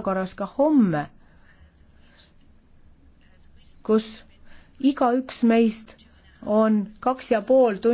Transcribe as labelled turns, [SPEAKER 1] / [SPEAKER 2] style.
[SPEAKER 1] korras ka homme, kus igaüks meist on kaks ja pool tundi